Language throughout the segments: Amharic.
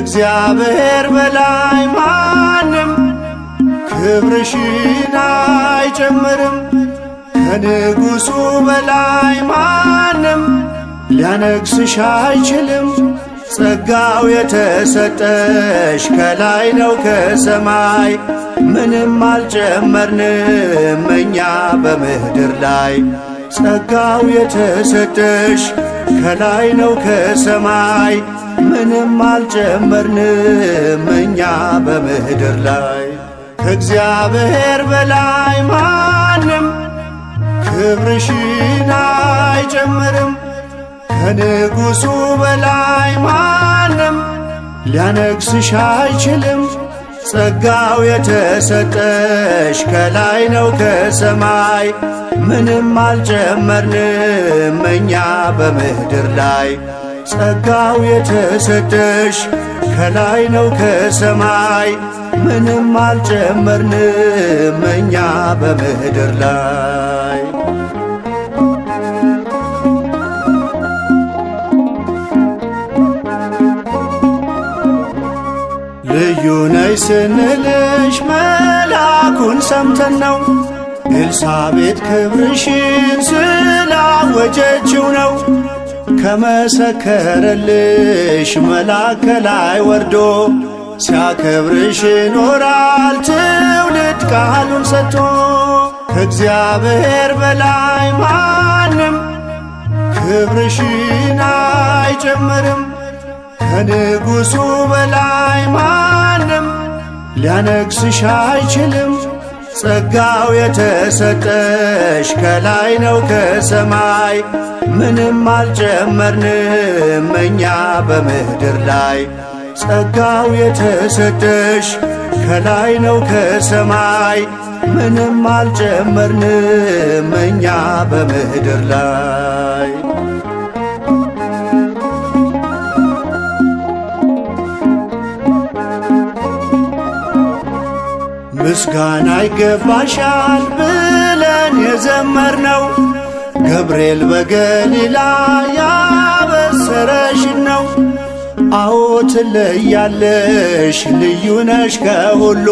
ከእግዚአብሔር በላይ ማንም ክብርሽን አይጨምርም። ከንጉሡ በላይ ማንም ሊያነግስሽ አይችልም። ጸጋው የተሰጠሽ ከላይ ነው ከሰማይ፣ ምንም አልጨመርንም እኛ በምድር ላይ። ጸጋው የተሰጠሽ ከላይ ነው ከሰማይ ምንም አልጨመርንም እኛ በምድር ላይ ከእግዚአብሔር በላይ ማንም ክብርሽን አይጨምርም። ከንጉሡ በላይ ማንም ሊያነግስሽ አይችልም። ጸጋው የተሰጠሽ ከላይ ነው ከሰማይ። ምንም አልጨመርንም እኛ በምድር ላይ ጸጋው የተሰጠሽ ከላይ ነው ከሰማይ ምንም አልጨመርንም እኛ በምድር ላይ ልዩ ነይ ስንልሽ መላኩን ሰምተን ነው ኤልሳቤጥ ክብርሽን ስላወጀችው ነው ከመሰከረልሽ መልአከ ላይ ወርዶ ሲያከብርሽ ይኖራል ትውልድ ቃሉን ሰጥቶ ከእግዚአብሔር በላይ ማንም ክብርሽን አይጨምርም። ከንጉሡ በላይ ማንም ሊያነግስሽ አይችልም። ጸጋው የተሰጠሽ ከላይ ነው ከሰማይ፣ ምንም አልጨመርንም እኛ በምድር ላይ። ጸጋው የተሰጠሽ ከላይ ነው ከሰማይ፣ ምንም አልጨመርንም እኛ በምድር ላይ። ምስጋና ይገባሻል ብለን የዘመርነው ገብርኤል በገሊላ ያበሰረሽን ነው። አዎ ትለያለሽ፣ ልዩ ነሽ ከሁሉ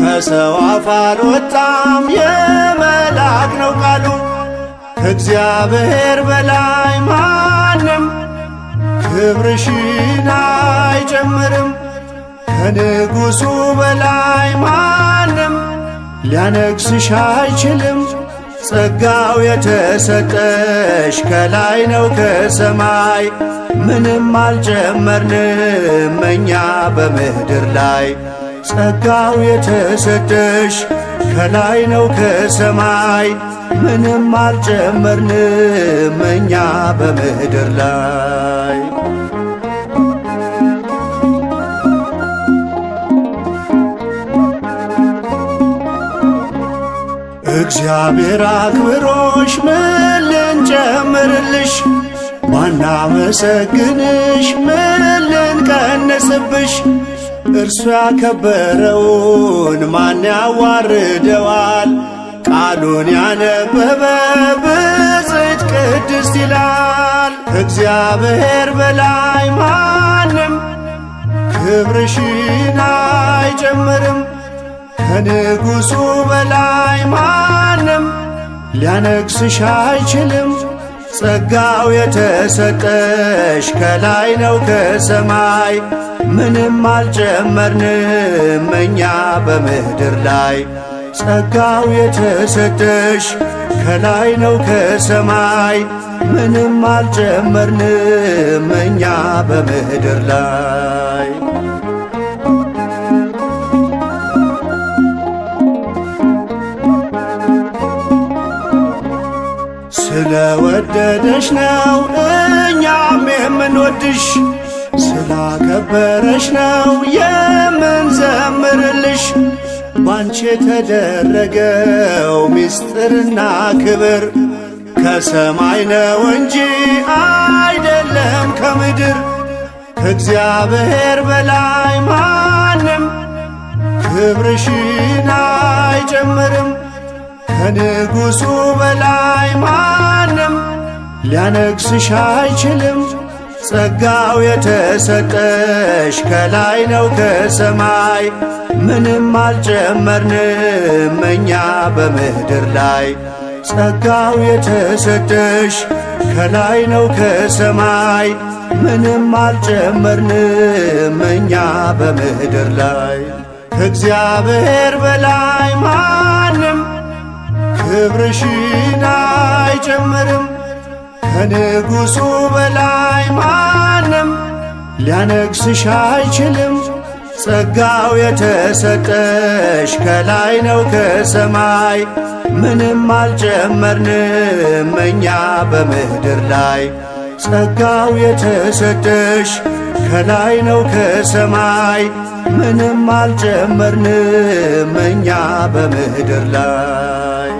ከሰው አፍ አልወጣም የመላክ ነው ቃሉ። ከእግዚአብሔር በላይ ማንም ክብርሽን አይጨምርም። ከንጉሱ በላይ ማንም ሊያነግስሽ አይችልም። ጸጋው የተሰጠሽ ከላይ ነው ከሰማይ፣ ምንም አልጨመርንም እኛ በምድር ላይ። ጸጋው የተሰጠሽ ከላይ ነው ከሰማይ፣ ምንም አልጨመርንም እኛ በምድር ላይ እግዚአብሔር አክብሮሽ ምን ዋና ባናመሰግንሽ ምን ቀንስብሽ እርሱ ያከበረውን ማን ያዋርደዋል? ቃሉን ያነበበ ብፅዕት ቅድስት ይላል። እግዚአብሔር በላይ ማንም ክብርሽን አይጨምርም። ከንጉሡ በላይ ማንም ሊያነግስሽ አይችልም። ጸጋው የተሰጠሽ ከላይ ነው ከሰማይ፣ ምንም አልጨመርንም እኛ በምድር ላይ። ጸጋው የተሰጠሽ ከላይ ነው ከሰማይ፣ ምንም አልጨመርንም እኛ በምድር ላይ ስለወደደሽ ነው እኛም የምንወድሽ፣ ስላከበረሽ ነው የምንዘምርልሽ። ባንቺ የተደረገው ምስጢርና ክብር ከሰማይ ነው እንጂ አይደለም ከምድር። ከእግዚአብሔር በላይ ማንም ክብርሽን አይጨምርም። ከንጉሡ በላይ ማንም ሊያነግስሽ አይችልም። ጸጋው የተሰጠሽ ከላይ ነው ከሰማይ፣ ምንም አልጨመርንም እኛ በምድር ላይ። ጸጋው የተሰጠሽ ከላይ ነው ከሰማይ፣ ምንም አልጨመርንም እኛ በምድር ላይ ከእግዚአብሔር በላይ ማ ክብርሽን አይጨምርም ከንጉሡ በላይ ማንም ሊያነግስሽ አይችልም። ጸጋው የተሰጠሽ ከላይ ነው ከሰማይ ምንም አልጨመርንም እኛ በምድር ላይ ጸጋው የተሰጠሽ ከላይ ነው ከሰማይ ምንም አልጨመርንም እኛ በምድር ላይ